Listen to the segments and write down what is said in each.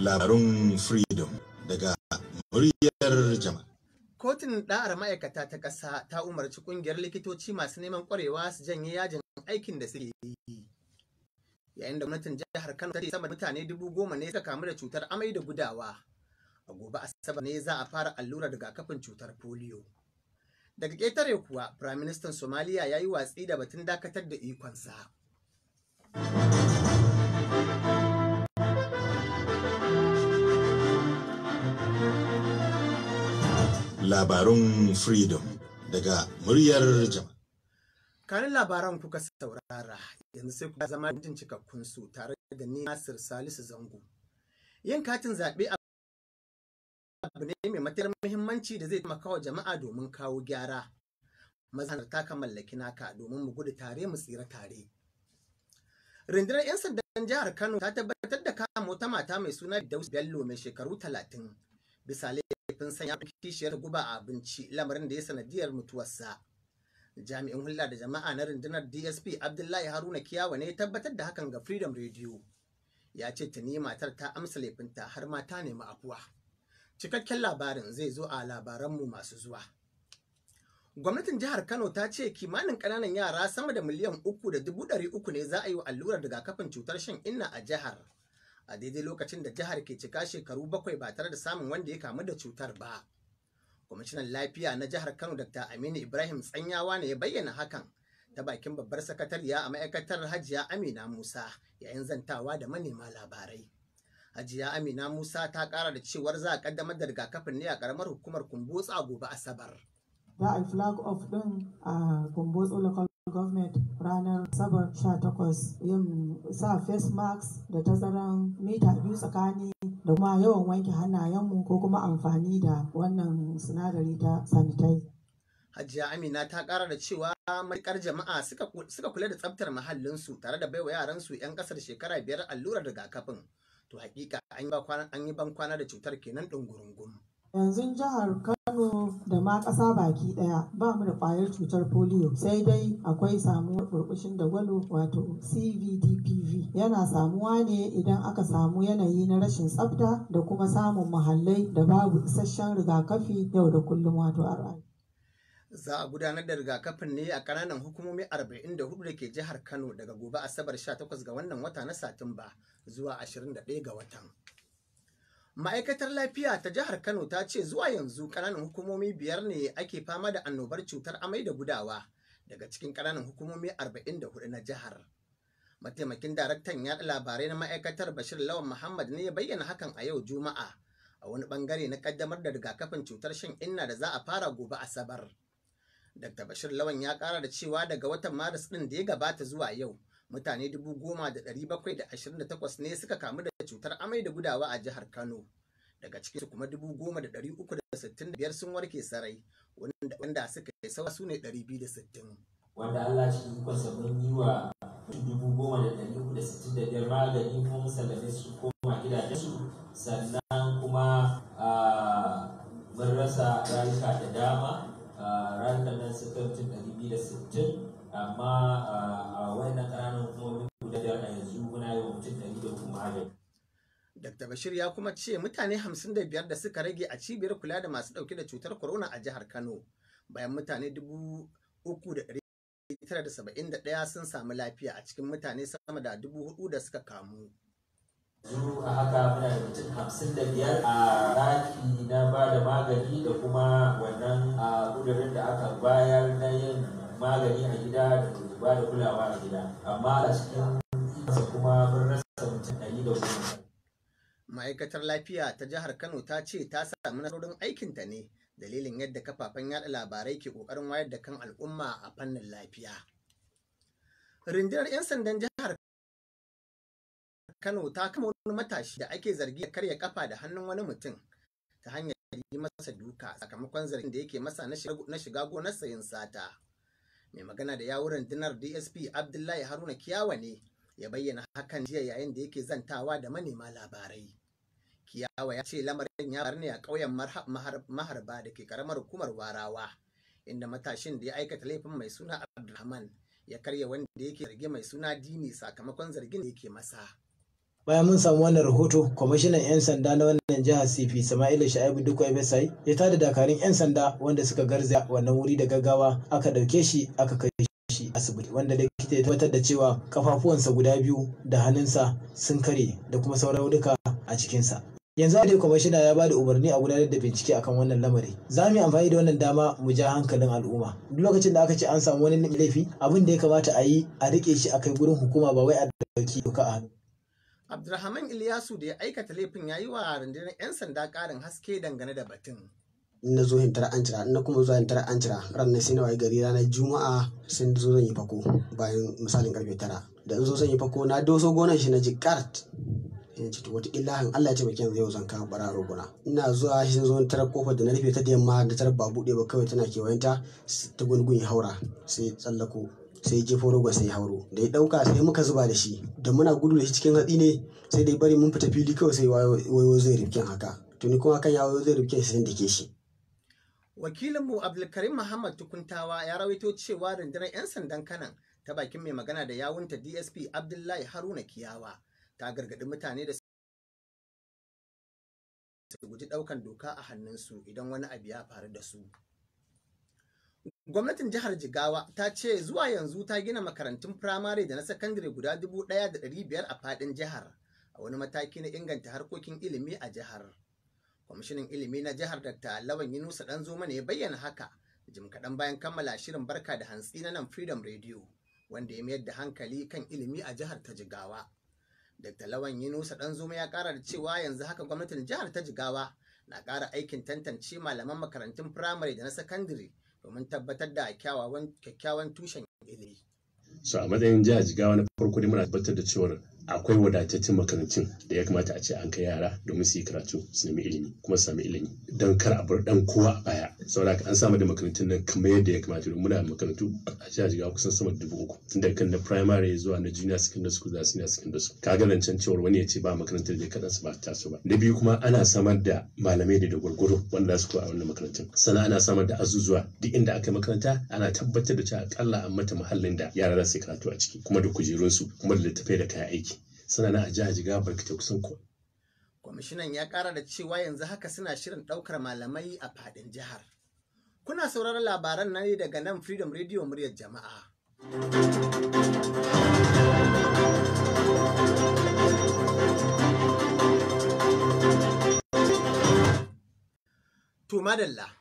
labarun freedom daga muryar jama'a. Kotun ɗa'ar ma'aikata ta ƙasa ta umarci ƙungiyar likitoci masu neman ƙwarewa su janye yajin aikin da suke yi. Yayin da gwamnatin jihar Kano ta ce sama mutane dubu goma ne suka kamu da cutar amai da gudawa. A gobe Asabar ne za a fara allurar rigakafin cutar polio. Daga ƙetare kuwa, Firaministan Somaliya ya yi watsi da batun dakatar da ikonsa. labarun freedom daga muryar jama'a. kanin labaran kuka saurara yanzu sai kuka zama jin cikakkun su tare da ni Nasir Salisu Zango. Yin katin zaɓe abu ne mai matar muhimmanci da zai taimaka wa jama'a domin kawo gyara. ta ka mallaki naka domin mu gudu tare mu tsira tare. Rundunar 'yan sandan jihar Kano ta tabbatar da kama wata mata mai suna Bello mai shekaru talatin bisa laifin sanya kishiyar guba a abinci lamarin da ya sanadiyar mutuwarsa. Jami'in hulɗa da jama'a na rundunar DSP Abdullahi Haruna Kiyawa ne tabbatar da hakan ga Freedom Radio. Ya ce tuni matar ta amsa laifinta har ma ta nemi afuwa. Cikakken labarin zai zo a labaranmu masu zuwa. Gwamnatin jihar Kano ta ce kimanin ƙananan yara sama da miliyan uku da dubu ɗari uku ne za a yi wa allurar rigakafin cutar shan inna a jihar. a daidai lokacin da jihar ke cika shekaru bakwai ba tare da samun wanda ya kamu da cutar ba. Kwamishinan lafiya na jihar Kano Dr. Aminu Ibrahim Tsanyawa ne ya bayyana hakan ta bakin babbar sakatariya a ma'aikatar Hajiya Amina Musa yayin zantawa da manema labarai. Hajiya Amina Musa ta kara da cewar za a kaddamar da rigakafin ne a karamar hukumar Kumbotso a gobe Asabar. Za a flag of din a Government ranar Sabar 18 yin sa face mask da tazaran mita biyu tsakani da kuma yawan wanke hannayenmu ko kuma amfani da wannan sinadari ta sanitizer. Hajiya Amina ta ƙara da cewa maikar jama'a suka kula da tsaftar muhallinsu tare da baiwa yaransu 'yan ƙasar shekara biyar allurar rigakafin. To hakika an yi ban kwana da cutar kenan ɗungurungun. Yanzu jihar kano da ma ƙasa baki ɗaya ba mu da ƙwayar cutar polio sai dai akwai samuwar burbushin da gwalo wato cvdpv yana samuwa ne idan aka samu yanayi na rashin tsafta da kuma samun muhallai da babu isasshen rigakafi yau da kullum wato rl za a gudanar da rigakafin ne a ƙananan hukumomi arba'in da ke jihar kano daga gobe asabar 18 ga wannan wata na satumba zuwa ashirin da ɗaya ga watan Ma'aikatar Lafiya ta Jihar Kano ta ce zuwa yanzu ƙananan hukumomi biyar ne ake fama da annobar cutar amai da gudawa daga cikin ƙananan hukumomi 44 na jihar. Mataimakin daraktan yaɗa labarai na ma'aikatar Bashir Lawan Muhammad ne ya bayyana hakan a yau Juma'a a wani bangare na ƙaddamar da rigakafin cutar shan inna da za a fara gobe Asabar. Dr. Bashir Lawan ya ƙara da cewa daga watan Maris ɗin da ya gabata zuwa yau mutane 10,728 ne suka kamu da cutar amai da gudawa a jihar Kano. Daga cikinsu kuma dubu goma da ɗari uku da sittin da biyar sun warke sarai, wanda suka yi saura su ne ɗari biyu da sittin. Wanda Allah cikin kwasa mun yi wa dubu goma da ɗari uku da sittin da biyar magani kuma musallame su koma su sannan kuma mun rasa rayuka da dama rayukan nan su kai dari ɗari biyu da sittin amma a wannan ƙananan hukumomin guda biyar a yanzu muna yi wa mutum ɗari da kuma Dr. Bashir ya kuma ce mutane 55 da suka rage a cibiyar kula da masu ɗauke da cutar corona a jihar Kano bayan mutane 3,971 sun samu lafiya a cikin mutane sama da 4,000 da suka kamu. yanzu a haka muna da mutum hamsin da biyar a raki na ba da magani da kuma wannan a kudurin da aka bayar na yin magani a gida da ba da kulawa a gida amma a cikin kuma mun rasa mutum ɗari da goma ma'aikatar lafiya ta jihar kano ta ce ta samu nasarorin aikinta ne dalilin yadda kafafen yada labarai ke kokarin wayar da kan al'umma a fannin lafiya rundunar 'yan sandan jihar kano ta kama wani matashi da ake zargi da karya kafa da hannun wani mutum ta hanyar yi masa duka sakamakon zargin da yake masa na shiga gonar sayin sata mai magana da yawun rundunar dsp abdullahi haruna kiyawa ne ya bayyana hakan jiya yayin da yake zantawa da manema labarai Kiyawa ya ce lamarin ya faru ne a ƙauyen maharba da ke karamar hukumar warawa inda matashin da ya aikata laifin mai suna abdulhaman ya karya wanda yake zargi mai suna Dini sakamakon zargin da ya ke masa. bayan mun samu wannan rahoto kwamishinan 'yan sanda na wannan jihar sifi sama'ila sha'ibu duk website ya tada dakarun 'yan sanda wanda suka garza wannan wuri da gaggawa aka ɗauke shi aka kai shi asibiti wanda likita ya tabbatar da cewa kafafuwansa guda biyu da hannunsa sun kare da kuma sauran duka a cikinsa yanzu a kwamishina ya ba da umarni a gudanar da bincike akan wannan lamari za mu yi amfani da wannan dama mu ja hankalin al'umma duk lokacin da aka ce an samu wani laifi abin da ya kamata a yi a rike shi a kai gurin hukuma ba wai a dauki doka a hannu Abdulrahman Ilyasu da ya aikata laifin ya yi wa rundunar 'yan sanda karin haske dangane da batun. na zo hintar an cira na kuma zuwa hintar an cira ran sai na waye gari ranar juma'a sai zo zan yi fako bayan misalin karfe tara da in zo zan yi fako na doso gonar shi na ji kart in to wataƙila in Allah ya ce baki yanzu yau zan kawo bara roguna ina zuwa shi zo tarar kofar da na rufe ta da yamma da tarar ba buɗe ba kawai tana kewayenta ta gungun ya haura sai tsallako sai jefo rogon sai hauro da ya dauka sai muka zuba da shi da muna gudu da shi cikin hatsi ne sai dai bari mun fita fili kawai sai wayo zai rifkin haka tuni kuma kan ya wayo zai rifkin sai da ke shi wakilinmu abdulkarim muhammad tukuntawa ya rawaito cewa rundunar 'yan sandan kanan ta bakin mai magana da yawunta dsp abdullahi haruna kiyawa ta gargaɗi mutane da su guji ɗaukan doka a hannunsu idan wani abu ya faru da su. Gwamnatin jihar Jigawa ta ce zuwa yanzu ta gina makarantun firamare da na sakandare guda dubu ɗaya da ɗari biyar a faɗin jihar a wani mataki na inganta harkokin ilimi a jihar. Kwamishinan ilimi na jihar Dr. Lawan Yunusa Ɗanzoma ne ya bayyana haka jim kaɗan bayan kammala shirin barka da hantsi na nan Freedom Radio wanda ya mayar da hankali kan ilimi a jihar ta Jigawa. Dr. Lawan Yunusa Danzuma ya ƙara da cewa yanzu haka gwamnatin jihar ta Jigawa na ƙara aikin tantance malaman makarantun firamare da na sakandare domin tabbatar da kyakkyawan tushen ilimi. Su a matsayin jihar Jigawa na farko ne muna tabbatar da cewar akwai wadataccen makarantun da ya kamata a ce an kai yara domin su yi karatu su nemi ilimi kuma su sami ilimi don kar a bar dan kowa a baya saboda an samu da makarantun nan kamar yadda ya kamata domin muna makarantu a jihar jigawa kusan sama da dubu uku tun daga kan na primary zuwa na junior secondary school da senior secondary school kaga nan can cewar wani ya ce ba makarantar da kaɗan su ba ta so ba na biyu kuma ana samar da malamai da gwargwaro wanda su koya a wannan makarantun sannan ana samar da azuzuwa duk inda aka makaranta ana tabbatar da cewa akalla an mata muhallin da yara za su karatu a ciki kuma da kujerunsu kuma da littattafai da kayan aiki suna na gabar ta kusan ko. Kwamishinan ya ƙara da cewa yanzu haka suna shirin ɗaukar malamai a faɗin jihar. Kuna sauraron labaran na ne daga nan Freedom Radio muryar jama'a. To madalla.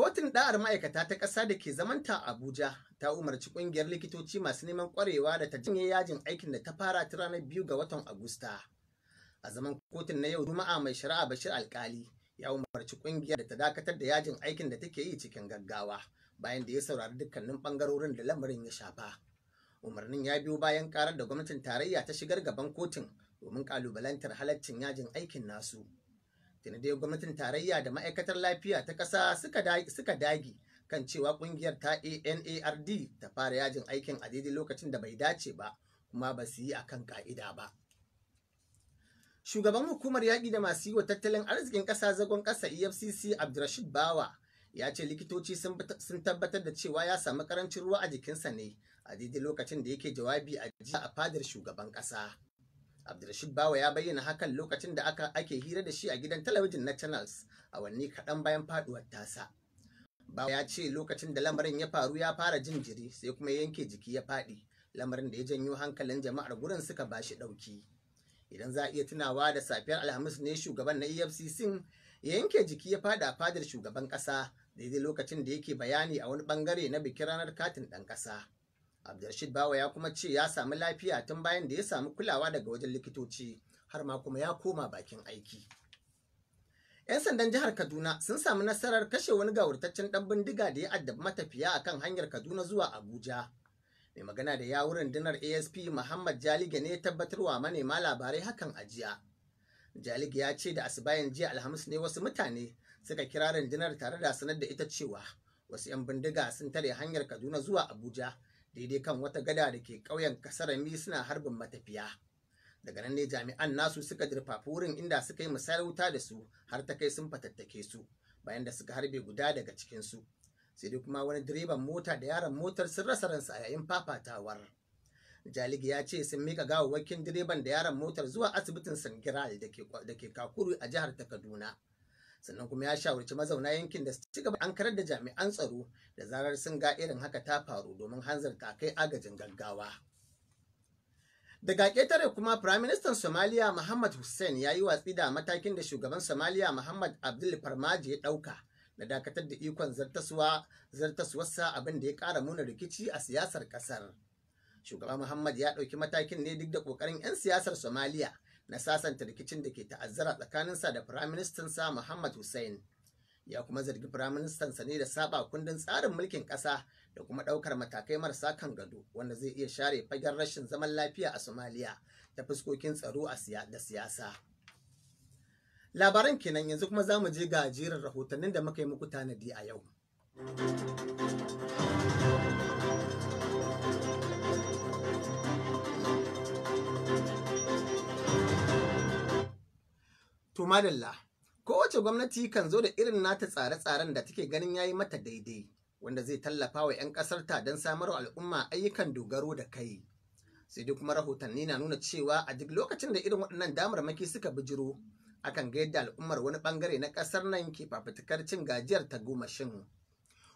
Kotun ɗa'ar ma'aikata ta ƙasa da ke zamanta Abuja ta umarci ƙungiyar likitoci masu neman ƙwarewa da ta janye yajin aikin da ta fara ta ranar biyu ga watan Agusta. A zaman kotun na yau Juma'a mai shari'a Bashir Alkali ya umarci ƙungiyar da ta dakatar da yajin aikin da take yi cikin gaggawa bayan da ya saurari dukkanin ɓangarorin da lamarin ya shafa. Umarnin ya biyo bayan karar da gwamnatin tarayya ta shigar gaban kotun domin ƙalubalantar halaccin yajin aikin nasu. tuni dai gwamnatin tarayya da ma'aikatar lafiya ta ƙasa suka dage kan cewa ƙungiyar ta anard ta fara yajin aikin a daidai lokacin da bai dace ba kuma ba su yi akan ka'ida ba shugaban hukumar yaƙi da masu yi wa tattalin arzikin ƙasa zagon ƙasa efcc abdurrashid bawa ya ce likitoci sun tabbatar da cewa ya samu ƙarancin ruwa a jikinsa ne a daidai lokacin da yake jawabi a jiya a fadar shugaban ƙasa Abdulrashid Bawa ya bayyana hakan lokacin da aka ake hira da shi a gidan talabijin na Channels a wanne kaɗan bayan faɗuwar tasa. Bawa ya ce lokacin da lamarin ya faru ya fara jin jiri sai kuma yanke jiki ya faɗi, lamarin da ya janyo hankalin jama'ar gurin suka ba shi ɗauki. Idan za a iya tunawa da safiyar Alhamis ne shugaban na EFCC ya yanke jiki ya faɗi a fadar shugaban ƙasa daidai lokacin da yake bayani a wani ɓangare na bikin ranar katin ɗan ƙasa. abdulrashid bawa ya kuma ce ya samu lafiya tun bayan da ya samu kulawa daga wajen likitoci har ma kuma ya koma bakin aiki 'yan sandan jihar kaduna sun samu nasarar kashe wani gawurtaccen ɗan bindiga da ya addabi matafiya a kan hanyar kaduna zuwa abuja mai magana da yawun rundunar asp muhammad jalige ne ya tabbatar wa manema labarai hakan a jiya jalige ya ce da asibayan jiya alhamis ne wasu mutane suka kira rundunar tare da sanar da ita cewa wasu 'yan bindiga sun tare hanyar kaduna zuwa abuja daidai kan wata gada da ke ƙauyen kasar kasarami suna harbin matafiya daga nan ne jami'an nasu suka jirfafi wurin inda suka yi misali wuta da su har ta kai sun fatattake su bayan da suka harbe guda daga cikin su sai dai kuma wani direban mota da yaron motar sun rasa ransa a yayin fafatawar jaligi ya ce sun mika gawawwakin direban da yaron motar zuwa asibitin sangiral da ke kakuru a jihar ta kaduna sannan kuma ya shawarci mazauna yankin da su ci gaba an karar da jami'an tsaro da zarar sun ga irin haka ta faru domin hanzarta kai agajin gaggawa. Daga ƙetare kuma Firaministan Somaliya Muhammad Hussein ya yi watsi da matakin da shugaban Somaliya Muhammad Abdul Farmaji ya ɗauka na dakatar da ikon zartaswarsa abin da ya ƙara muna rikici a siyasar ƙasar. Shugaba Muhammad ya ɗauki matakin ne duk da ƙoƙarin 'yan siyasar Somaliya na sasanta rikicin da ke ta'azzara tsakaninsa da firaministansa Muhammad Hussein. Ya kuma zargi firaministan sa ne da saba kundin tsarin mulkin ƙasa da kuma ɗaukar matakai marasa kan gado wanda zai iya share fagen rashin zaman lafiya a Somalia ta fuskokin tsaro da siyasa. Labaran kenan yanzu kuma za mu je ga jerin rahotannin da muka yi muku tanadi a yau. To madalla, kowace gwamnati kan zo da irin nata tsare-tsaren da take ganin yayi mata daidai, wanda zai tallafa wa 'yan ƙasarta don samarwa al'umma ayyukan dogaro da kai. Sai dai kuma rahotanni na nuna cewa a duk lokacin da irin waɗannan damar maki suka bijiro, akan ga yadda al'ummar wani ɓangare na ƙasar nan ke fafutukar cin gajiyar ta goma shin.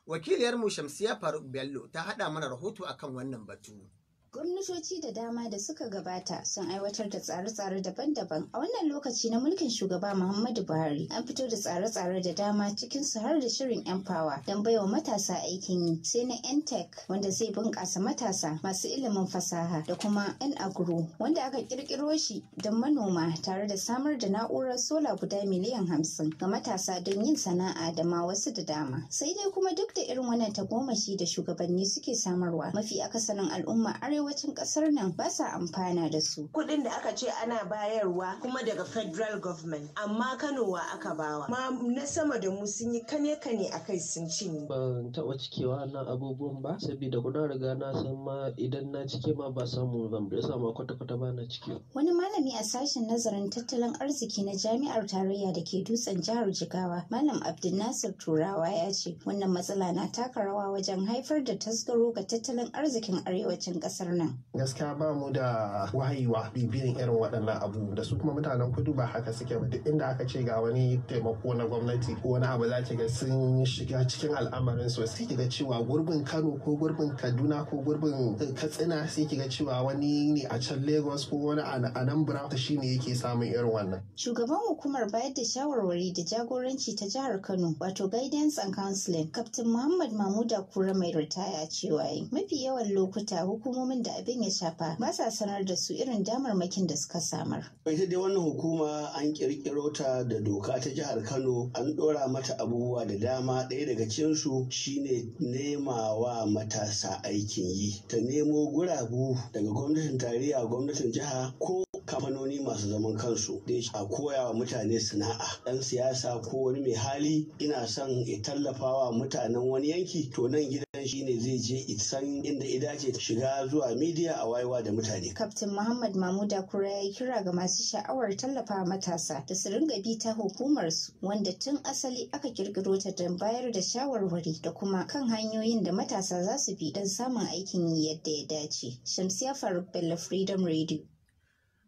mu Shamsiya Faruk Bello ta haɗa mana rahoto akan wannan batu. Gwamnatoci da dama da suka gabata sun aiwatar da tsare-tsare daban-daban a wannan lokaci na mulkin shugaba Muhammadu Buhari. An fito da tsare-tsare da dama cikin su har da shirin 'yan fawa don bai wa matasa aikin yi sai na 'yan tech wanda zai bunƙasa matasa masu ilimin fasaha da kuma 'yan agro wanda aka ƙirƙiro shi don manoma tare da samar da na'urar sola guda miliyan hamsin ga matasa don yin sana'a da ma wasu da dama. Sai dai kuma duk da irin wannan tagomashi da shugabanni suke samarwa mafi akasarin al'umma arewa arewacin kasar nan ba sa amfana da su. Kuɗin da aka ce ana bayarwa kuma daga federal government amma Kano aka bawa. Ma na sama da mu sun yi kane kane a kai sun ni. Ban taɓa cikewa na abubuwan ba saboda kuna riga na san ma idan na cike ma ba samu ban sa ma kwata kwata ba na cike. Wani malami a sashen nazarin tattalin arziki na jami'ar tarayya da ke dutsen jihar Jigawa Malam Abdulnasir Turawa ya ce wannan matsala na taka rawa wajen haifar da tasgaro ga tattalin arzikin arewacin kasar nan gaskiya ba mu da wayewa bibiyan irin waɗannan abu da su kuma mutanen kudu ba haka suke ba duk inda aka ce ga wani taimako na gwamnati ko wani abu za ki ga sun shiga cikin al'amarin su sai ki ga cewa gurbin Kano ko gurbin Kaduna ko gurbin eh, Katsina sai ki ga cewa wani ne a can Lagos ko wani a nan Anambra shine yake samun irin wannan shugaban hukumar bayar da shawarwari da jagoranci ta jihar Kano wato guidance and counseling Captain Muhammad Mamuda Kura mai ritaya cewa mafi yawan lokuta hukumomin abin da abin ya shafa ba sa sanar da su irin damarmakin da suka samar. Ita dai wannan hukuma an kirkiro ta da doka ta jihar Kano an ɗora mata abubuwa da dama ɗaya daga cinsu shine nema wa matasa aikin yi. Ta nemo gurabu daga gwamnatin tarayya gwamnatin jiha ko kamfanoni masu zaman kansu da a koya wa mutane sana'a ɗan siyasa ko wani mai hali ina son ya tallafa wa mutanen wani yanki to nan gida wannan shine zai je san inda ya dace shiga zuwa midiya a wayewa da mutane. Kaftin Muhammad Mahmuda Kura ya kira ga masu sha'awar tallafa matasa da su ringa bi ta hukumar su wanda tun asali aka kirkiro ta don bayar da shawarwari da kuma kan hanyoyin da matasa za su bi don samun aikin yi yadda ya dace. Shamsiya Faruk Bello Freedom Radio.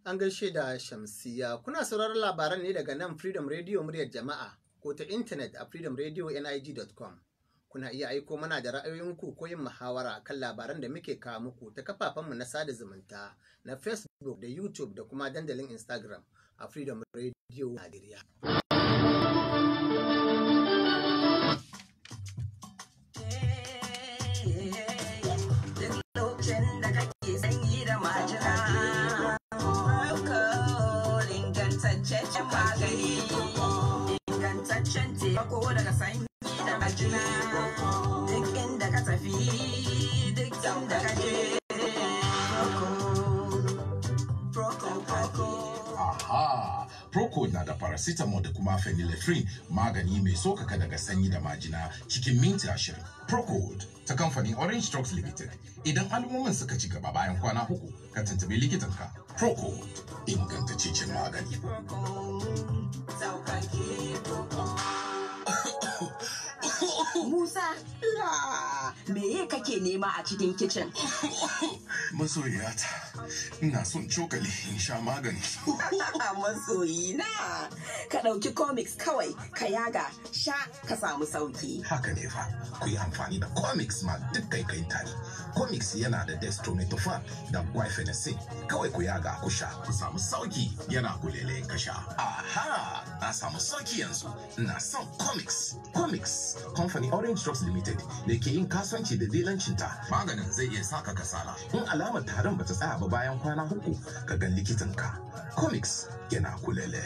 An gaishe da Shamsiya. Kuna sauraron labaran ne daga nan Freedom Radio muryar jama'a ko ta intanet a freedomradio.nig.com. Kuna iya aiko mana da ra'ayoyinku ko yin muhawara kan labaran da muke kawo muku ta kafafenmu na sada zumunta na Facebook da YouTube da kuma dandalin Instagram a Freedom Radio Nigeria. Ingantaccen magani, taimako daga sanyi da majina. Aha, na da paracetamol da kuma phenylephrine magani mai sokaka daga sanyi da majina cikin minti ashirin. Procode ta kamfanin Orange Drugs Limited. Idan alamomin suka ci gaba bayan kwana uku, ka tuntubi likitanka. Procode cikin magani. Musa! meye kake nema a cikin kicin ta ina son cokali in sha magani masoyina ka ɗauki comics kawai ka yaga sha ka samu sauki haka ne fa ku yi amfani da comics ma duk kai kai tare comics yana da dextromethorphan da guaifenesin kawai ku yaga ku sha ku samu sauki yana kulele ka sha aha na samu sauki yanzu ina son comics comics company orange drugs limited da ke yin kasuwa kasuwanci da dilancinta maganin zai iya saka kasala in alamar tarin bata tsaya ba bayan kwana uku ka ga likitanka comics yana kulele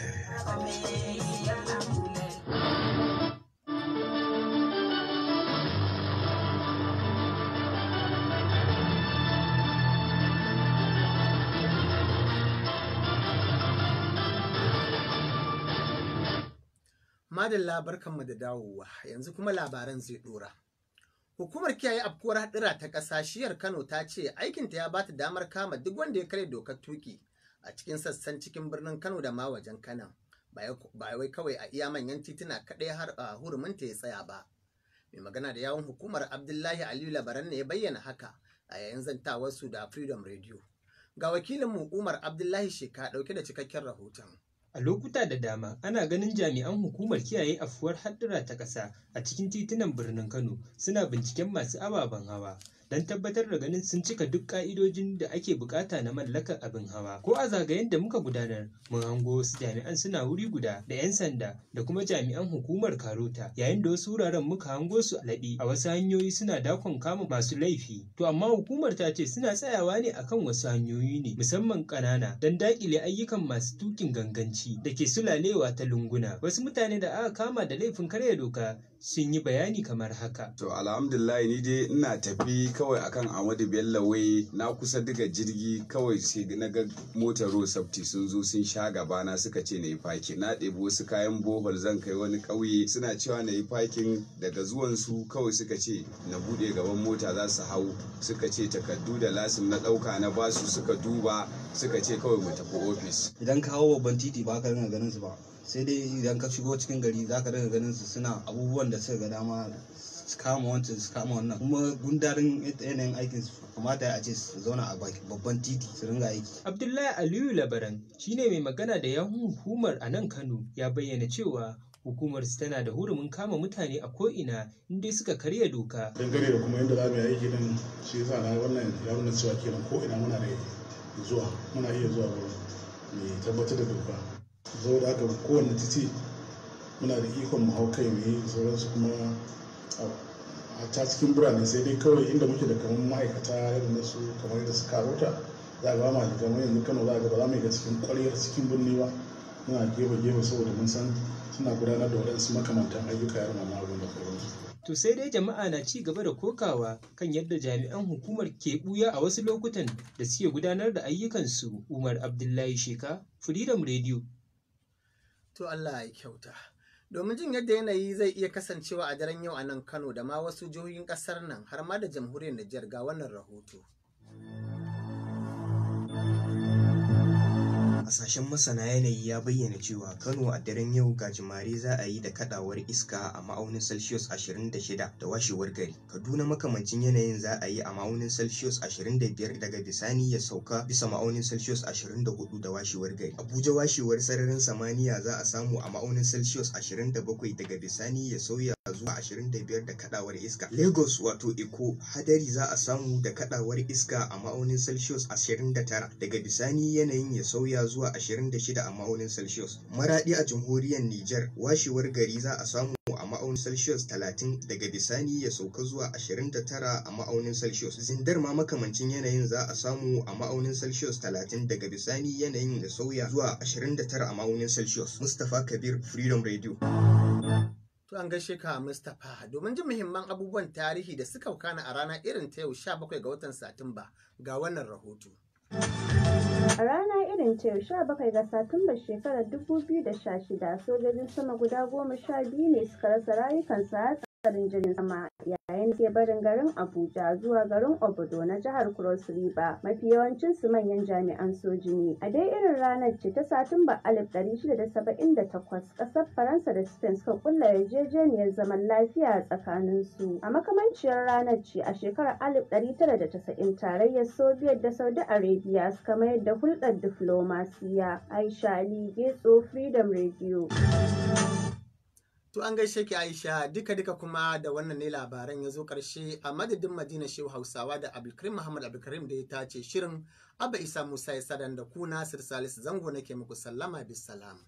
Madalla barkanmu da dawowa yanzu kuma labaran zai dora. Hukumar kiyaye afkuwar hadira ta ƙasa shiyar Kano ta ce aikinta ya ba ta damar kama duk wanda ya karya dokar tuki a cikin sassan cikin birnin Kano da ma wajen Kano. Ba wai kawai a iya manyan tituna kaɗai har a huruminta ya tsaya ba. Mai magana da yawon hukumar Abdullahi Aliyu Labaran ne ya bayyana haka a yayin zantawarsu da Freedom Radio. Ga wakilinmu Umar Abdullahi Sheka ɗauke da cikakken rahoton. A lokuta da dama ana ganin jami'an Hukumar Kiyaye afuwar Haɗura ta Ƙasa a cikin titunan birnin Kano suna binciken masu ababen hawa. don tabbatar da ganin sun cika duk ka'idojin da ake bukata na mallakar abin hawa ko a zagayen da muka gudanar mun hango wasu jami'an suna wuri guda da 'yan sanda da kuma jami'an hukumar karota yayin da wasu wuraren muka hango su laɗi a wasu hanyoyi suna dakon kama masu laifi to amma hukumar ta ce suna tsayawa ne akan wasu hanyoyi ne musamman ƙanana don daƙile ayyukan masu tukin ganganci da ke sulalewa ta lunguna wasu mutane da aka kama da laifin karya doka sun yi bayani kamar haka. To alhamdulillah ni dai ina tafi kawai akan Ahmadu Bello wai na kusa daga jirgi kawai sai na ga motar road safety sun zo sun sha gaba na suka ce na yi Na ɗebi wasu kayan bohol zan kai wani ƙauye suna cewa na yi fakin daga zuwan su kawai suka ce na buɗe gaban mota za su hau suka ce takardu da lasin na ɗauka na basu suka duba suka ce kawai mu tafi ofis. Idan ka hau babban titi ba ka ganin su ba. sai dai idan ka shigo cikin gari za ka daga ganin su suna abubuwan da suka ga dama su kama wancan su kama wannan kuma gundarin yanayin aikin su kamata a ce su zauna a babban titi su ringa aiki. Abdullahi Aliyu Labaran shine mai magana da yan hukumar a nan Kano ya bayyana cewa hukumar su tana da hurumin kama mutane a ko'ina inda suka karya doka. Dangane da kuma yadda za mu yi aiki nan shi yasa na wannan ya nuna cewa kenan ko'ina muna da zuwa muna iya zuwa mu tabbatar da doka. zo da aka kowane titi muna da ikon mu hau kai mai sauransu kuma a ta cikin birane sai dai kawai inda muke da kamar ma'aikata irin da su kamar yadda su karota za ga ma da yanzu kano za ga ba za mu ga cikin kwaryar cikin birni ba muna gefe gefe saboda mun san suna gudanar da waɗansu makamantan ayyuka yar wannan abin da sauransu. To sai dai jama'a na ci gaba da kokawa kan yadda jami'an hukumar ke buya a wasu lokutan da suke gudanar da ayyukansu Umar Abdullahi Sheka, Freedom Radio, To Allah ya kyauta. Domin jin yadda yanayi zai iya kasancewa a daren yau a nan Kano da ma wasu jihohin ƙasar nan har ma da jamhuriyar Nijar ga wannan rahoto. Hasashen masana yanayi ya bayyana cewa Kano a daren yau gajimare za a yi da kadawar iska a ma'aunin Celsius 26 da washewar gari. Kaduna makamancin yanayin za a yi a ma'aunin Celsius 25 daga bisani ya sauka bisa ma'aunin Celsius 24 da washewar gari. Abuja washewar sararin samaniya za a samu a ma'aunin Celsius 27 daga bisani ya sauya zuwa 25 da kadawar iska. Lagos wato Eko hadari za a samu da kadawar iska a ma'aunin Celsius 29 daga bisani yanayin ya sauya zuwa 26 a ma'aunin Celsius. Maradi a jamhuriyar Niger washewar gari za a samu a ma'aunin Celsius 30 daga bisani ya sauka zuwa 29 a ma'aunin Celsius. Zindar ma makamancin yanayin za a samu a ma'aunin Celsius 30 daga bisani yanayin ya sauya zuwa 29 a ma'aunin Celsius. Mustapha Kabir Freedom Radio. To an gaishe ka Mustapha domin jin muhimman abubuwan tarihi da suka kana a rana irin ta yau 17 ga watan Satumba ga wannan rahoto. A rana irin ta yau 17 ga Satumba shekarar 2016 sojojin sama guda goma sha biyu ne suka rasa rayukansu farin jirgin sama yayin da barin garin Abuja zuwa garin Obodo na jihar Cross River mafi yawancin su manyan jami'an soji ne. A dai irin ranar ce ta Satumba 1678 kasar Faransa da Spain suka kulla yarjejeniyar zaman lafiya tsakanin su. A makamanciyar ranar ce a shekarar 1990 tarayyar Soviet da Saudi Arabia suka mayar da hulɗar diflomasiya. Aisha Ali Getso Freedom Radio. To an gaishe ki Aisha duka duka kuma da wannan ne labaran ya zo ƙarshe a madadin Madina Shehu Hausawa da Abdulkarim Muhammad Abdulkarim da ya tace shirin Abba Isa Musa ya sadan da ku Nasir Salisu Zango nake muku sallama bisalam.